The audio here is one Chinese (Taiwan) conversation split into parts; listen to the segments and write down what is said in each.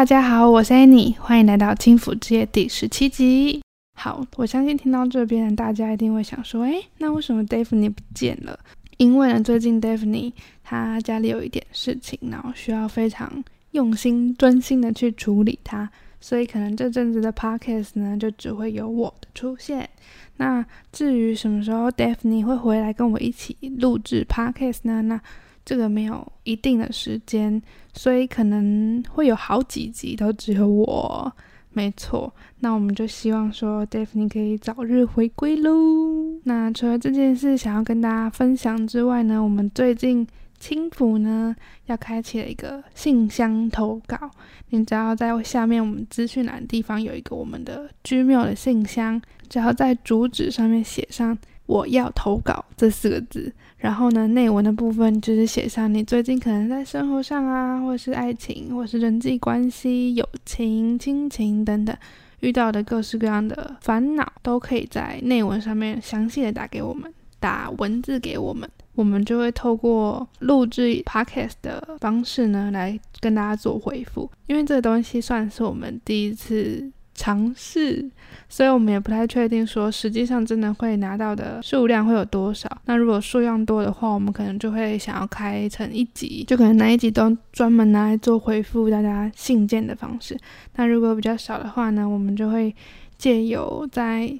大家好，我是 Annie，歡迎來到《輕撫之夜》第十七集。好，我相信聽到這邊，大家一定會想說，哎，那為什麼 Daphne 不見了？因為呢，最近 Daphne 他家裡有一點事情，然後需要非常用心、專心的去處理它，所以可能這陣子的 Podcast 呢，就只會有我的出現。那至於什麼時候 Daphne 會回來跟我一起錄製 Podcast 呢？那這個沒有一定的時間，所以可能會有好幾集都只有我，沒錯。那我們就希望說，Dave，你可以早日回歸嘍。那除了這件事想要跟大家分享之外呢，我們最近輕撫呢要開啟了一個信箱投稿，你只要在下面我們資訊欄的地方有一個我們的 Gmail 的信箱，只要在主旨上面寫上。我要投稿這四個字，然後呢，內文的部分就是寫上你最近可能在生活上啊，或是愛情，或是人際關係、友情、親情等等遇到的各式各樣的煩惱，都可以在內文上面詳細的打給我們，打文字給我們，我們就會透過錄制 Podcast 的方式呢來跟大家做回覆，因為這個東西算是我們第一次。嘗試，所以我們也不太確定說，實際上真的會拿到的數量會有多少。那如果數量多的話，我們可能就會想要開成一集，就可能哪一集都專門拿來做回覆大家信件的方式。那如果比較少的話呢，我們就會借由在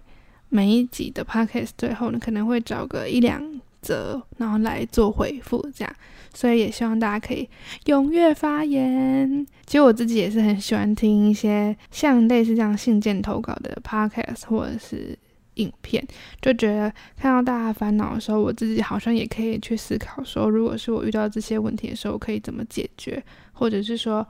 每一集的 podcast 最後呢，可能會找個一兩則，然後來做回覆，這樣。所以也希望大家可以踴躍發言。其實我自己也是很喜歡聽一些像類似這樣信件投稿的 podcast 或者是影片，就覺得看到大家煩惱的時候，我自己好像也可以去思考說，如果是我遇到這些問題的時候，我可以怎麼解決，或者是說，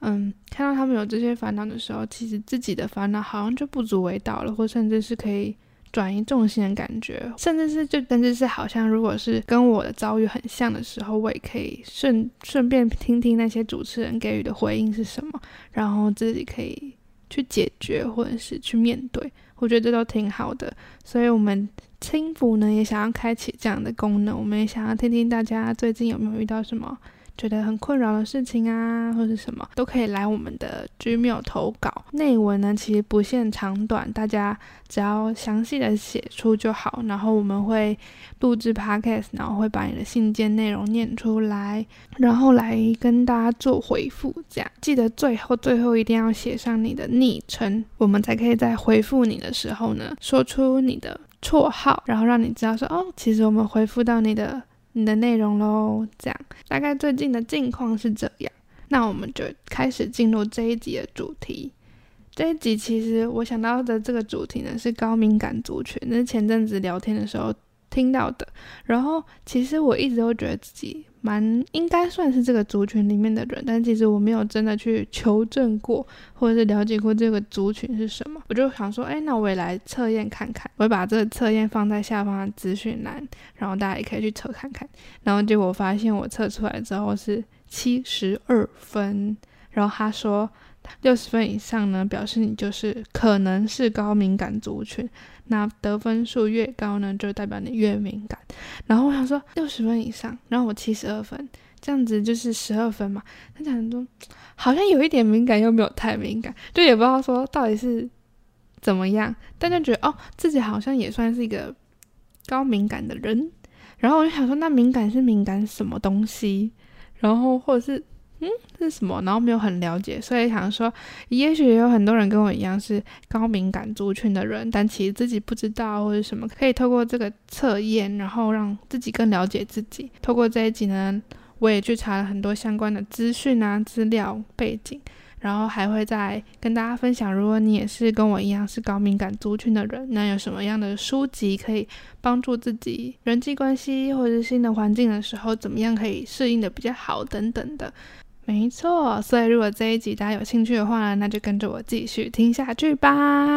嗯，看到他們有這些煩惱的時候，其實自己的煩惱好像就不足為道了，或甚至是可以。轉移重心的感覺，甚至是就甚至是好像，如果是跟我的遭遇很像的時候，我也可以順順便聽聽那些主持人給予的回應是什麼，然後自己可以去解決或者是去面對。我覺得這都挺好的，所以，我們輕撫呢也想要開啟這樣的功能，我們也想要聽聽大家最近有沒有遇到什麼。覺得很困擾的事情啊，或是什麼都可以來我們的 Gmail 投稿。內文呢，其實不限長短，大家只要詳細的寫出就好。然後我們會錄製 Podcast，然後會把你的信件內容念出來，然後來跟大家做回復。這樣。記得最後最後一定要寫上你的昵稱我們才可以在回復你的時候呢，說出你的綽號，然後讓你知道說哦，其實我們回復到你的。你的內容嘍，這樣大概最近的近況是這樣。那我們就開始進入這一集的主題。這一集其實我想到的這個主題呢是高敏感族群，那是前陣子聊天的時候聽到的。然後其實我一直都覺得自己。蠻應該算是這個族群裡面的人，但其實我沒有真的去求證過，或者是了解過這個族群是什麼。我就想說，哎，那我也來測驗看看。我會把這個測驗放在下方的資訊欄，然後大家也可以去測看看。然後結果發現，我測出來之後是七十二分。然後他說，六十分以上呢，表示你就是可能是高敏感族群。那得分數越高呢，就代表你越敏感。然後我想說六十分以上，然後我七十二分，這樣子就是十二分嘛。他講很多，好像有一點敏感，又沒有太敏感，就也不知道說到底是怎麼樣。但就覺得哦，自己好像也算是一個高敏感的人。然後我就想說，那敏感是敏感什麼東西？然後或者是。嗯，這是什麼？然後沒有很了解，所以想說，也許也有很多人跟我一樣是高敏感族群的人，但其實自己不知道或者是什麼，可以透過這個測驗，然後讓自己更了解自己。透過這一集呢，我也去查了很多相關的資訊啊、資料背景，然後還會再跟大家分享。如果你也是跟我一樣是高敏感族群的人，那有什麼樣的書籍可以幫助自己人際關係或者是新的環境的時候，怎麼樣可以適應得比較好等等的。沒錯，所以如果這一集大家有興趣的話，那就跟着我繼續聽下去吧。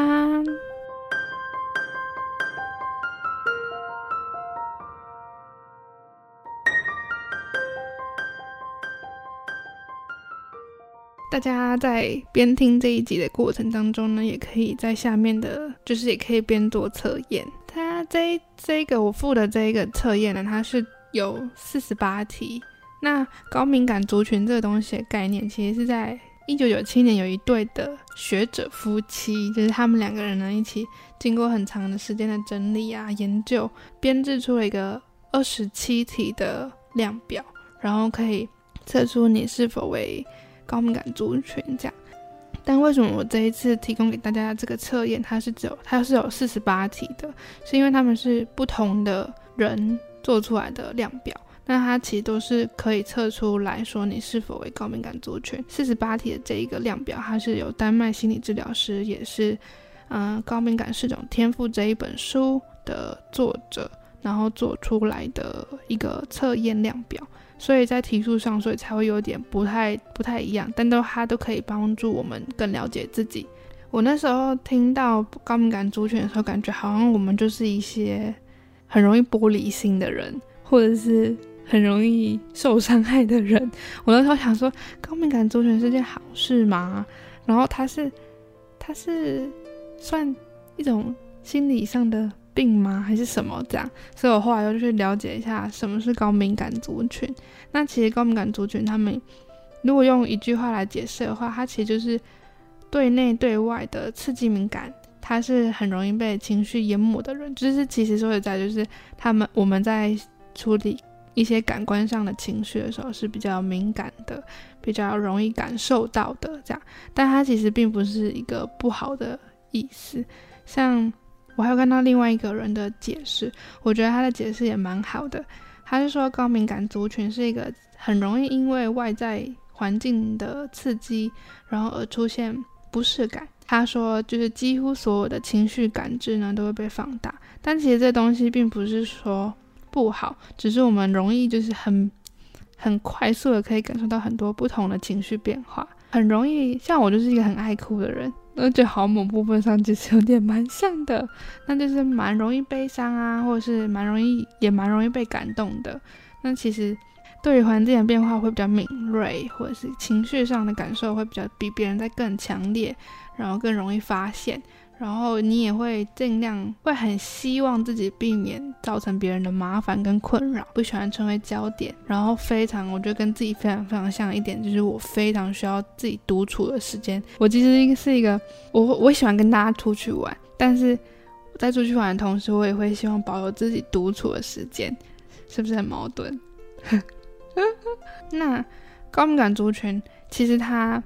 大家在邊聽這一集的過程當中呢，也可以在下面的，就是也可以邊做測驗。它這這一個我附的這一個測驗呢，它是有四十八題。那高敏感族群這個東西的概念，其實是在一九九七年有一對的學者夫妻，就是他們兩個人呢一起經過很長的時間的整理啊研究，編制出了一個二十七題的量表，然後可以測出你是否為高敏感族群這樣。但為什麼我這一次提供給大家這個測驗，它是只有它是有四十八題的，是因為他們是不同的人做出來的量表。那它其實都是可以測出來說你是否為高敏感族群。四十八題的這一個量表，它是由丹麥心理治療師，也是嗯、呃《高敏感是種天賦》這一本書的作者，然後做出來的一個測驗量表。所以在題數上，所以才會有點不太不太一樣，但都它都可以幫助我們更了解自己。我那時候聽到高敏感族群的時候，感覺好像我們就是一些很容易玻璃心的人，或者是。很容易受傷害的人，我那時候想說，高敏感族群是件好事嘛？然後他是，他是算一種心理上的病嗎？還是什麼這樣？所以我後來又去了解一下什麼是高敏感族群。那其實高敏感族群他們，如果用一句話來解釋的話，他其實就是對內對外的刺激敏感，他是很容易被情緒淹沒的人。就是其實說實在，就是他們我們在處理。一些感官上的情緒的時候是比較敏感的，比較容易感受到的這樣，但它其實並不是一個不好的意思。像我還有看到另外一個人的解釋，我覺得他的解釋也蠻好的。他是說高敏感族群是一個很容易因為外在環境的刺激，然後而出現不適感。他說就是幾乎所有的情緒感知呢都會被放大，但其實這東西並不是說不好，只是我們容易就是很很快速的可以感受到很多不同的情緒變化，很容易，像我就是一個很愛哭的人，那就好某部分上其實有點蠻像，的那就是蠻容易悲傷啊，或者是蠻容易也蠻容易被感動的。那其實對於環境的變化會比較敏銳，或者是情緒上的感受會比較比別人再更強烈，然後更容易發現。然後你也會儘量會很希望自己避免造成別人的麻煩跟困擾，不喜歡成為焦點。然後非常，我覺得跟自己非常非常像一點，就是我非常需要自己獨處的時間。我其實是一個，我我喜歡跟大家出去玩，但是在出去玩的同時，我也會希望保留自己獨處的時間，是不是很矛盾？ 那高敏感族群其實他。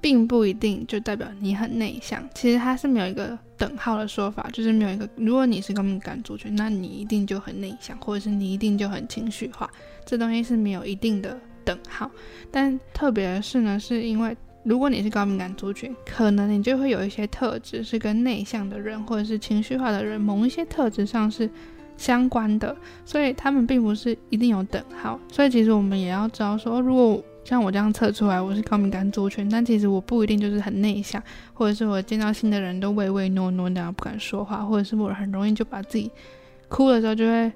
並不一定就代表你很內向，其實它是沒有一個等號的說法，就是沒有一個，如果你是高敏感族群，那你一定就很內向，或者是你一定就很情緒化，這東西是沒有一定的等號。但特別的是呢，是因為如果你是高敏感族群，可能你就會有一些特質是跟內向的人或者是情緒化的人某一些特質上是相關的，所以他們並不是一定有等號。所以其實我們也要知道說，如果像我這樣測出來，我是高敏感族群，但其實我不一定就是很內向，或者是我見到新的人都唯唯諾諾那樣不敢說話，或者是我很容易就把自己哭的時候就會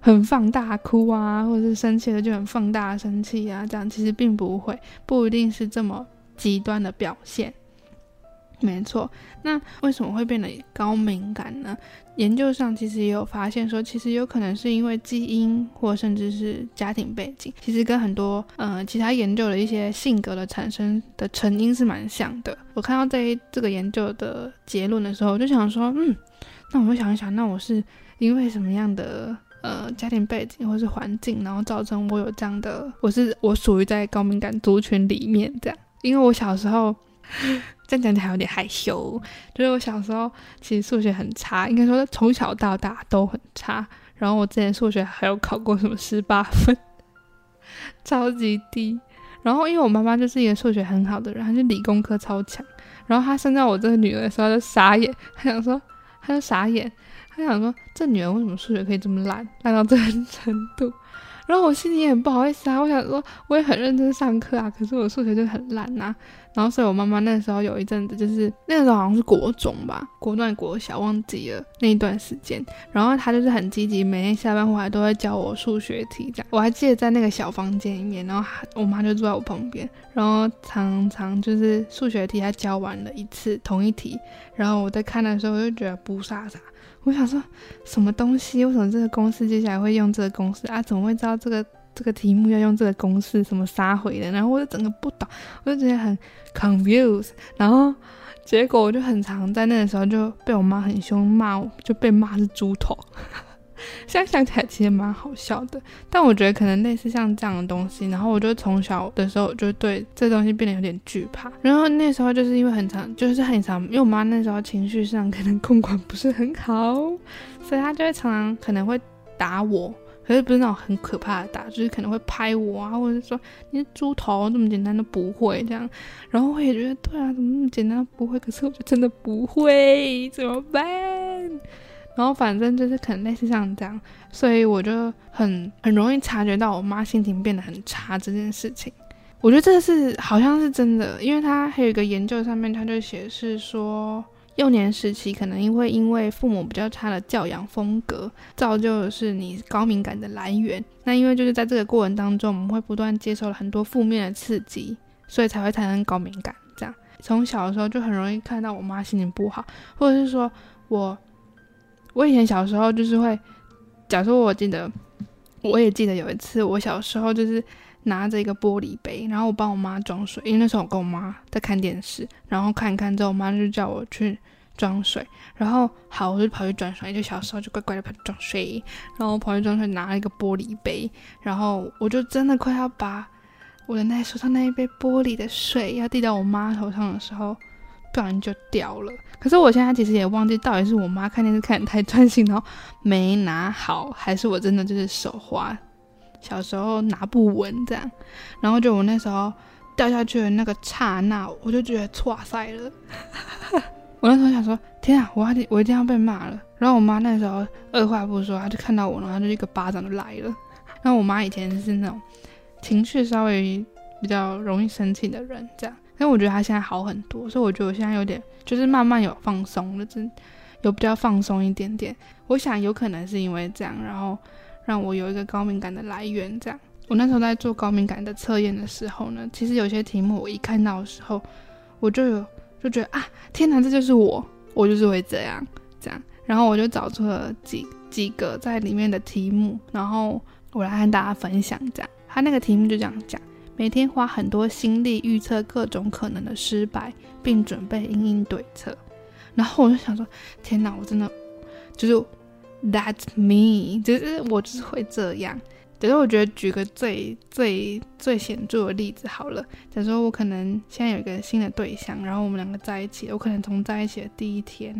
很放大哭啊，或者是生氣了就很放大生氣啊，這樣其實並不會，不一定是這麼極端的表現。沒錯，那為什麼會變得高敏感呢？研究上其實也有發現說，其實有可能是因為基因或甚至是家庭背景，其實跟很多呃其他研究的一些性格的產生的成因是蠻像的。我看到在這個研究的結論的時候，我就想說，嗯，那我就想一想，那我是因為什麼樣的呃家庭背景或是環境，然後造成我有這樣的，我是我屬於在高敏感族群裡面這樣，因為我小時候。這樣講起來有點害羞，就是我小時候其實數學很差，應該說從小到大都很差。然後我之前數學還有考過什麼十八分，超級低。然後因為我媽媽就是一個數學很好的人，她就是理工科超強。然後她生在我這個女兒的時候就傻眼，她想說她就傻眼，她想說,她她想說這女兒為什麼數學可以這麼爛，爛到這個程度？然後我心裡也很不好意思啊，我想說我也很認真上課啊，可是我的數學就很爛吶、啊。然後，所以我媽媽那時候有一陣子，就是那個時候好像是國中吧，國中國小忘記了那一段時間。然後她就是很積極，每天下班回來都會教我數學題。這樣，我還記得在那個小房間裡面，然後我媽就坐在我旁邊，然後常常就是數學題她教完了一次同一題，然後我在看的時候我就覺得不傻傻，我想說什麼東西？為什麼這個公式接下來會用這個公式啊？怎麼會知道這個？這個題目要用這個公式什麼殺回的，然後我就整個不懂，我就覺得很 confused，然後結果我就很常在那個時候就被我媽很凶罵我，就被罵是豬頭。現 在想起來其實蠻好笑的，但我覺得可能類似像這樣的東西，然後我就從小的時候我就對這東西變得有點懼怕。然後那時候就是因為很常就是很常，因為我媽那時候情緒上可能控管不是很好，所以她就會常常可能會打我。可是不是那種很可怕的打，就是可能會拍我啊，或者是說你是豬頭，這麼簡單都不會這樣。然後我也覺得對啊，怎麼這麼簡單都不會？可是我就真的不會，怎麼辦？然後反正就是可能類似像這樣，所以我就很很容易察覺到我媽心情變得很差這件事情。我覺得這是好像是真的，因為她還有一個研究上面她就寫的是說。幼年時期，可能因為因為父母比較差的教養風格，造就是你高敏感的來源。那因為就是在這個過程當中，我們會不斷接受了很多負面的刺激，所以才會產生高敏感。這樣從小的時候就很容易看到我媽心情不好，或者是說，我我以前小時候就是會，假如我記得，我也記得有一次，我小時候就是拿着一個玻璃杯，然後我幫我媽裝水，因為那時候我跟我媽在看電視，然後看看之後，我媽就叫我去，裝水，然後好，我就跑去裝水。就小時候就乖乖的跑去裝水，然後我跑去裝水拿了一個玻璃杯，然後我就真的快要把我的那手上那一杯玻璃的水要滴到我媽頭上的時候，不小心就掉了。可是我現在其實也忘記到底是我媽看電視看得太專心，然後沒拿好，還是我真的就是手滑，小時候拿不穩這樣。然後就我那時候掉下去的那個剎那，我就覺得剉賽了。 我那時候想說，天啊，我我一定要被罵了。然後我媽那時候二話不說，她就看到我，然後她就一個巴掌就來了。然後我媽以前是那種情緒稍微比較容易生氣的人，這樣。但我覺得她現在好很多，所以我覺得我現在有點就是慢慢有放鬆了，真、就是、有比較放鬆一點點。我想有可能是因為這樣，然後讓我有一個高敏感的來源。這樣，我那時候在做高敏感的測驗的時候呢，其實有些題目我一看到的時候，我就有。就覺得啊，天哪，這就是我，我就是會這樣這樣。然後我就找出了幾幾個在裡面的題目，然後我來跟大家分享。這樣，他那個題目就這樣講：每天花很多心力預測各種可能的失敗，並準備因應對策。然後我就想說，天哪，我真的就是 that's me，就是我就是會這樣。只是我覺得舉個最最最顯著的例子好了。假如說我可能現在有一個新的對象，然後我們兩個在一起，我可能從在一起的第一天，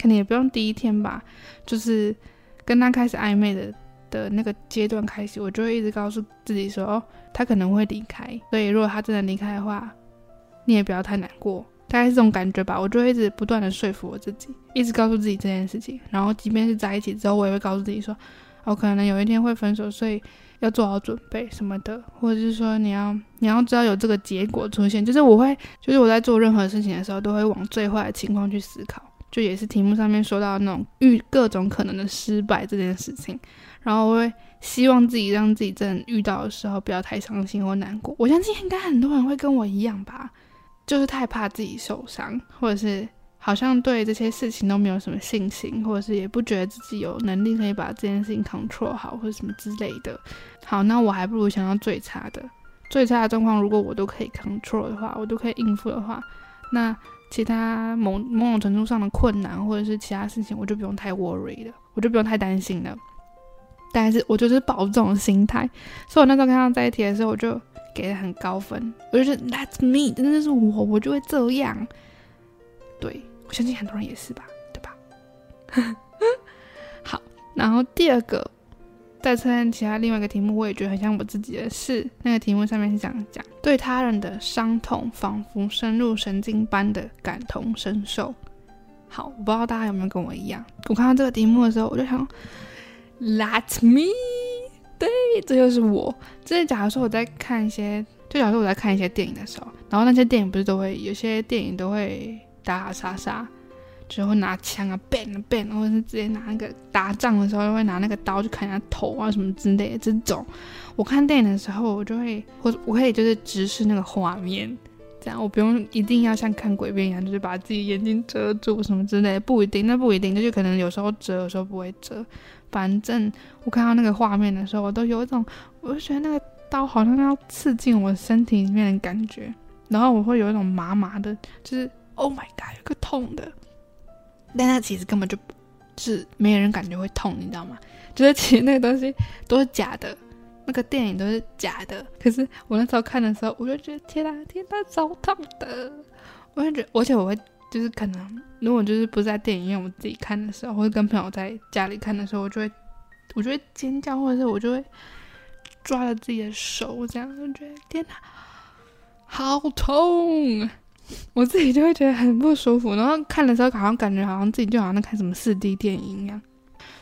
可能也不用第一天吧，就是跟他開始曖昧的的那個階段開始，我就會一直告訴自己說，哦，他可能會離開，所以如果他真的離開的話，你也不要太難過，大概是這種感覺吧。我就會一直不斷的說服我自己，一直告訴自己這件事情，然後即便是在一起之後，我也會告訴自己說我、哦、可能有一天會分手，所以要做好準備什麼的，或者是說你要你要知道有這個結果出現。就是我會，就是我在做任何事情的時候，都會往最壞的情況去思考。就也是題目上面說到那種遇各種可能的失敗這件事情，然後我會希望自己讓自己真的遇到的時候不要太傷心或難過。我相信應該很多人會跟我一樣吧，就是太怕自己受傷，或者是。好像對這些事情都沒有什麼信心，或者是也不覺得自己有能力可以把這件事情 control 好，或者什麼之類的。好，那我還不如想要最差的，最差的狀況如果我都可以 control 的話，我都可以應付的話，那其他某某種程度上的困難或者是其他事情，我就不用太 worry 了，我就不用太擔心了。但是，我就是保持這種心態，所以我那時候跟他在一起的時候，我就給的很高分，我就說、是、That's me，真的是，是我，我就會這樣，對。我相信很多人也是吧，對吧？呵 呵好，然後第二個再看其他另外一個題目，我也覺得很像我自己的事。那個題目上面是這樣講，對他人的傷痛仿佛深入神經般的感同身受。好，我不知道大家有沒有跟我一樣，我看到這個題目的時候，我就想 let me。對，這就是我。就是假如說我在看一些，就假如說我在看一些電影的時候，然後那些電影不是都會，有些電影都會。打打殺殺，最後、就是、拿槍啊，bang 啊 bang，或者是直接拿那個打仗的時候就會拿那個刀去砍他頭啊什麼之類的這種。我看電影的時候，我就會我我可以就是直視那個畫面，這樣，我不用一定要像看鬼片一樣，就是把自己眼睛遮住什麼之類的，不一定，那不一定，就是可能有時候遮，有時候不會遮。反正我看到那個畫面的時候，我都有一種，我就覺得那個刀好像要刺進我身體裡面的感覺，然後我會有一種麻麻的，就是。Oh my God，有個痛的，但它其實根本就是沒人感覺會痛，你知道嗎？覺得其實那個東西都是假的，那個電影都是假的。可是我那時候看的時候，我就覺得天啊，天啊，好痛的！我就覺得，而且我會就是可能，如果就是不在電影院，我自己看的時候，或者跟朋友在家裡看的時候，我就會，我就會尖叫，或者是我就會抓着自己的手，這樣我就覺得天啊，好痛。我自己就會覺得很不舒服，然後看的時候好像感覺好像自己就好像在看什麼 4D 電影一樣，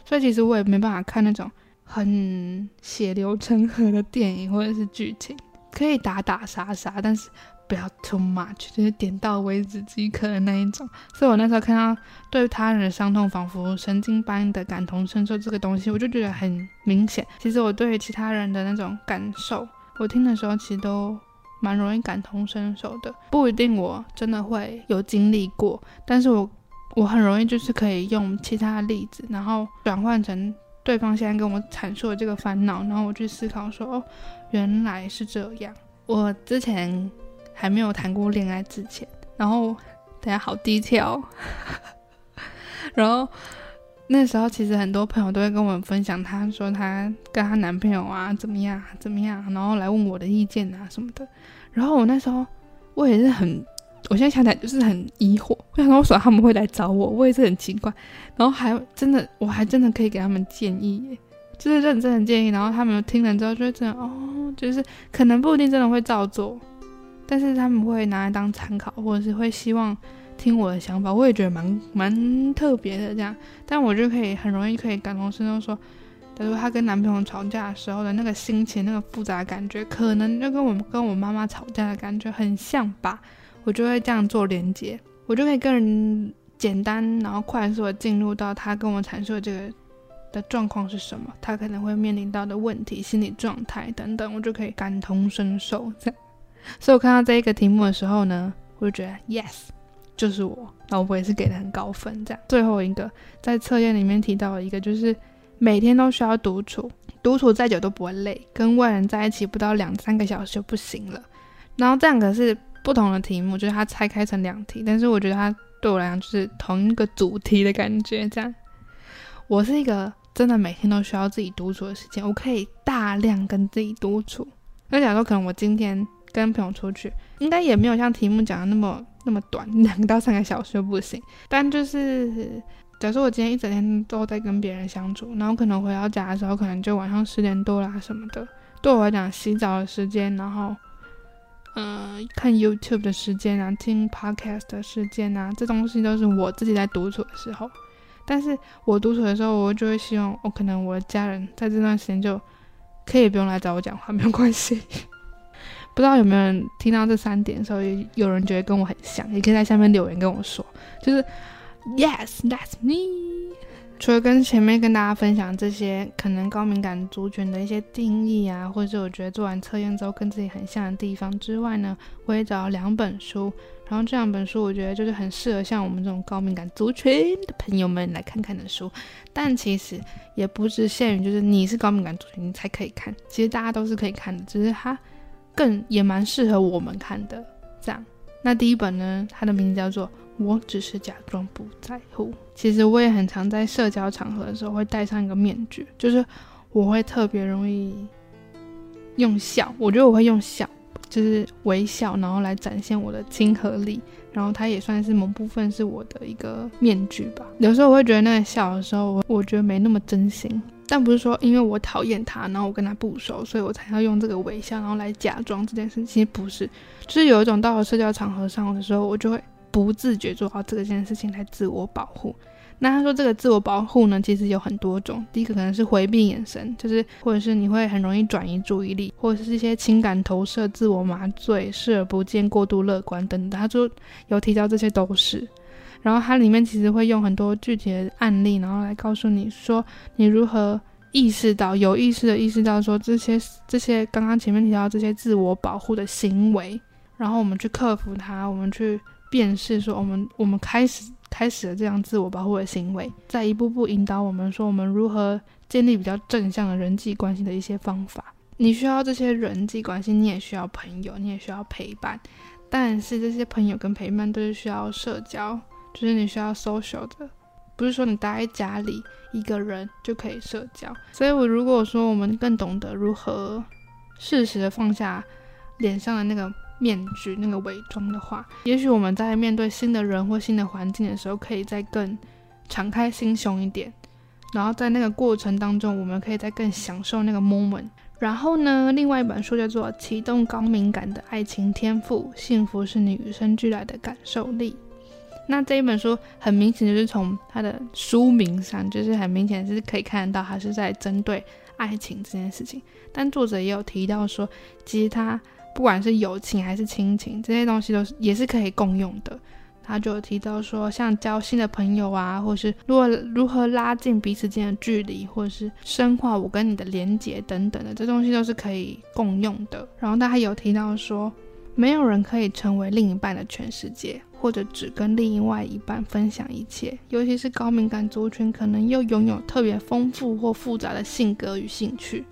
所以其實我也沒辦法看那種很血流成河的電影或者是劇情，可以打打殺殺，但是不要 too much，就是點到為止即可的那一種。所以我那時候看到對他人的傷痛仿佛神經般的感同身受這個東西，我就覺得很明顯。其實我對於其他人的那種感受，我聽的時候其實都。蠻容易感同身受的，不一定我真的會有經歷過，但是我我很容易就是可以用其他的例子，然後轉換成對方現在跟我闡述的這個煩惱，然後我去思考說，哦，原來是這樣。我之前還沒有談過戀愛之前，然後等下好低調， 然後。那時候其實很多朋友都會跟我分享他，她說她跟她男朋友啊怎麼樣怎麼樣，然後來問我的意見啊什麼的。然後我那時候我也是很，我現在想起來就是很疑惑，為什麼他們會來找我？我也是很奇怪。然後還真的，我還真的可以給他們建議，就是認真的建議。然後他們聽了之後就會，覺得這樣哦，就是可能不一定真的會照做，但是他們會拿來當參考，或者是會希望。聽我的想法，我也覺得蠻蠻特別的，這樣，但我就可以很容易可以感同身受，說，她說她跟男朋友吵架的時候的那個心情，那個複雜的感覺，可能就跟我跟我媽媽吵架的感覺很像吧，我就會這樣做連接，我就可以更簡單，然後快速的進入到她跟我闡述這個的狀況是什麼，她可能會面臨到的問題、心理狀態等等，我就可以感同身受，這樣，所以我看到這一個題目的時候呢，我就覺得，yes。就是我，那我也是給的很高分，這樣。最後一個在測驗裡面提到的一個，就是每天都需要獨處，獨處再久都不會累，跟外人在一起不到兩三個小時就不行了。然後這兩個是不同的題目，就是它拆開成兩題，但是我覺得它對我來講就是同一個主題的感覺，這樣。我是一個真的每天都需要自己獨處的時間，我可以大量跟自己獨處。那假如說可能我今天跟朋友出去，應該也沒有像題目講的那麼。那麼短，兩到三個小時就不行。但就是，假設我今天一整天都在跟別人相處，然後可能回到家的時候，可能就晚上十點多啦，啊什麼的。對我來講，洗澡的時間，然後，呃，看 YouTube 的時間啊，聽 Podcast 的時間啊，這東西都是我自己在獨處的時候。但是我獨處的時候，我就會希望，我、哦，可能我的家人在這段時間就可以不用來找我講話，沒有關係。不知道有沒有人聽到這三點，所以有人覺得跟我很像，也可以在下面留言跟我說。就是，Yes，that's me。除了跟前面跟大家分享這些可能高敏感族群的一些定義啊，或者是我覺得做完測驗之後跟自己很像的地方之外呢，我也找了兩本書。然後這兩本書我覺得就是很適合像我們這種高敏感族群的朋友們來看看的書。但其實也不只限於就是你是高敏感族群你才可以看，其實大家都是可以看的，只、就是它。更也蠻適合我們看的。這樣，那第一本呢，它的名字叫做《我只是假裝不在乎》。其實我也很常在社交場合的時候會戴上一個面具，就是我會特別容易用笑。我覺得我會用笑，就是微笑，然後來展現我的親和力。然後它也算是某部分是我的一個面具吧。有時候我會覺得那個笑的時候，我我覺得沒那麼真心。但不是說因為我討厭他，然後我跟他不熟，所以我才要用這個微笑，然後來假裝這件事情。其實不是，就是有一種到了社交場合上的時候，我就會不自覺做好這個件事情來自我保護。那他說這個自我保護呢，其實有很多種。第一個可能是回避眼神，就是或者是你會很容易轉移注意力，或者是一些情感投射、自我麻醉、視而不見、過度樂觀等等。他說有提到這些都是。然後它裡面其實會用很多具體的案例，然後來告訴你說，你如何意識到、有意識的意識到說這些這些剛剛前面提到這些自我保護的行為，然後我們去克服它，我們去辨識說我們我們開始開始了這樣自我保護的行為，再一步步引導我們說我們如何建立比較正向的人際關係的一些方法。你需要這些人際關係，你也需要朋友，你也需要陪伴，但是這些朋友跟陪伴都是需要社交。就是你需要 social 的，不是說你待在家裡一個人就可以社交。所以，我如果說我們更懂得如何適時的放下臉上的那個面具、那個偽裝的話，也許我們在面對新的人或新的環境的時候，可以再更敞開心胸一點。然後在那個過程當中，我們可以再更享受那個 moment。然後呢，另外一本書叫做《啟動高敏感的愛情天賦》，幸福是你與生俱來的感受力。那這一本書很明顯就是從它的書名上，就是很明顯是可以看得到，它是在針對愛情這件事情。但作者也有提到說，其實他不管是友情還是親情，這些東西都是也是可以共用的。他就有提到說，像交新的朋友啊，或是如何如何拉近彼此間的距離，或者是深化我跟你的連結等等的，這些東西都是可以共用的。然後他還有提到說，沒有人可以成為另一半的全世界。或者只跟另外一半分享一切，尤其是高敏感族群，可能又擁有特別豐富或複雜的性格與興趣，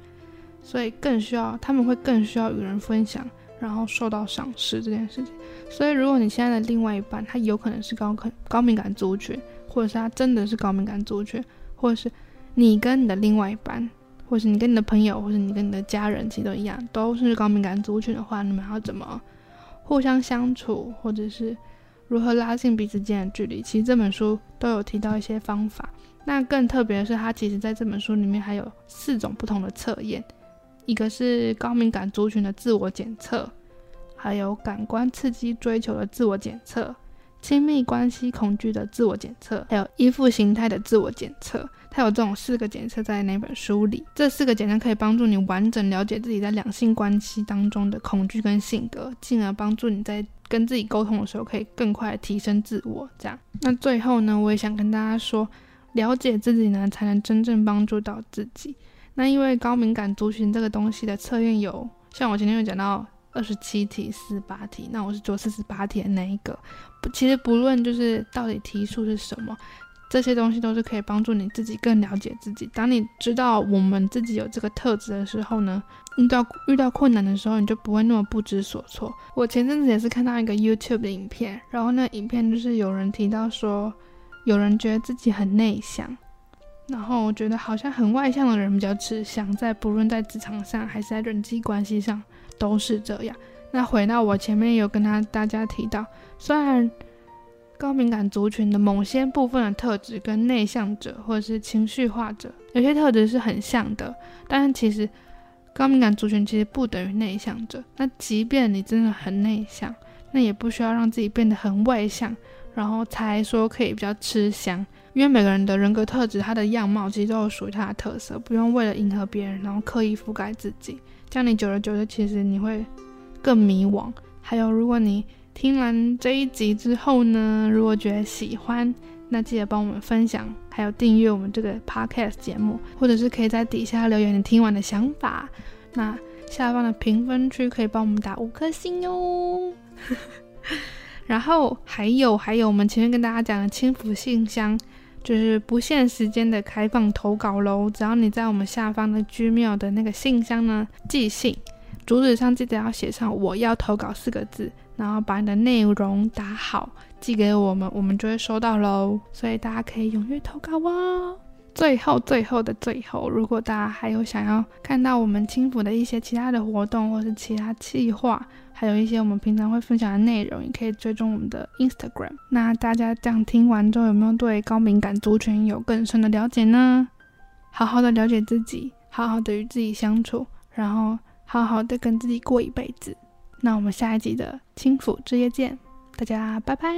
所以更需要他們會更需要與人分享，然後受到賞識這件事情。所以，如果你現在的另外一半，他有可能是高可高敏感族群，或者是他真的是高敏感族群，或者是你跟你的另外一半，或者是你跟你的朋友，或者是你跟你的家人，其實都一樣都是高敏感族群的話，你們還要怎麼互相相處，或者是？如何拉近彼此間的距離？其實這本書都有提到一些方法。那更特別的是，它其實在這本書裡面還有四種不同的測驗，一個是高敏感族群的自我檢測，還有感官刺激追求的自我檢測。親密關係恐懼的自我檢測，還有依附形態的自我檢測，它有這種四個檢測在那本書裡。這四個檢測可以幫助你完整了解自己在兩性關係當中的恐懼跟性格，進而幫助你在跟自己溝通的時候可以更快提升自我。這樣，那最後呢，我也想跟大家說，了解自己呢，才能真正幫助到自己。那因為高敏感族群這個東西的測驗有，像我今天有講到。二十七題、四十八題，那我是做四十八題的那一個。不，其實不論就是到底題數是什麼，這些東西都是可以幫助你自己更了解自己。當你知道我們自己有這個特質的時候呢，遇到遇到困難的時候，你就不會那麼不知所措。我前陣子也是看到一個 YouTube 的影片，然後那影片就是有人提到說，有人覺得自己很內向，然後我覺得好像很外向的人比較吃香，在不論在職場上還是在人際關係上。都是這樣。那回到我前面有跟他大家提到，雖然高敏感族群的某些部分的特質跟內向者或者是情緒化者有些特質是很像的，但是其實高敏感族群其實不等於內向者。那即便你真的很內向，那也不需要讓自己變得很外向，然後才說可以比較吃香。因為每個人的人格特質，他的樣貌其實都有屬於他的特色，不用為了迎合別人，然後刻意覆蓋自己。像你久而久之，其實你會更迷惘。還有，如果你聽完這一集之後呢，如果覺得喜歡，那記得幫我們分享，還有訂閱我們這個 podcast 節目，或者是可以在底下留言你聽完的想法。那下方的評分區可以幫我們打五顆星喲。 然後還有還有，我們前面跟大家講的輕撫信箱，就是不限時間的開放投稿嘍，只要你在我們下方的 Gmail 的那個信箱呢寄信，主旨上記得要寫上我要投稿四個字，然後把你的內容打好寄給我們，我們就會收到嘍。所以大家可以踴躍投稿哦。最後最後的最後，如果大家還有想要看到我們輕撫的一些其他的活動，或是其他企劃，還有一些我們平常會分享的內容，也可以追蹤我們的 Instagram。那大家這樣聽完之後，有沒有對高敏感族群有更深的了解呢？好好的了解自己，好好的與自己相處，然後好好的跟自己過一輩子。那我們下一集的輕撫之夜見，大家拜拜。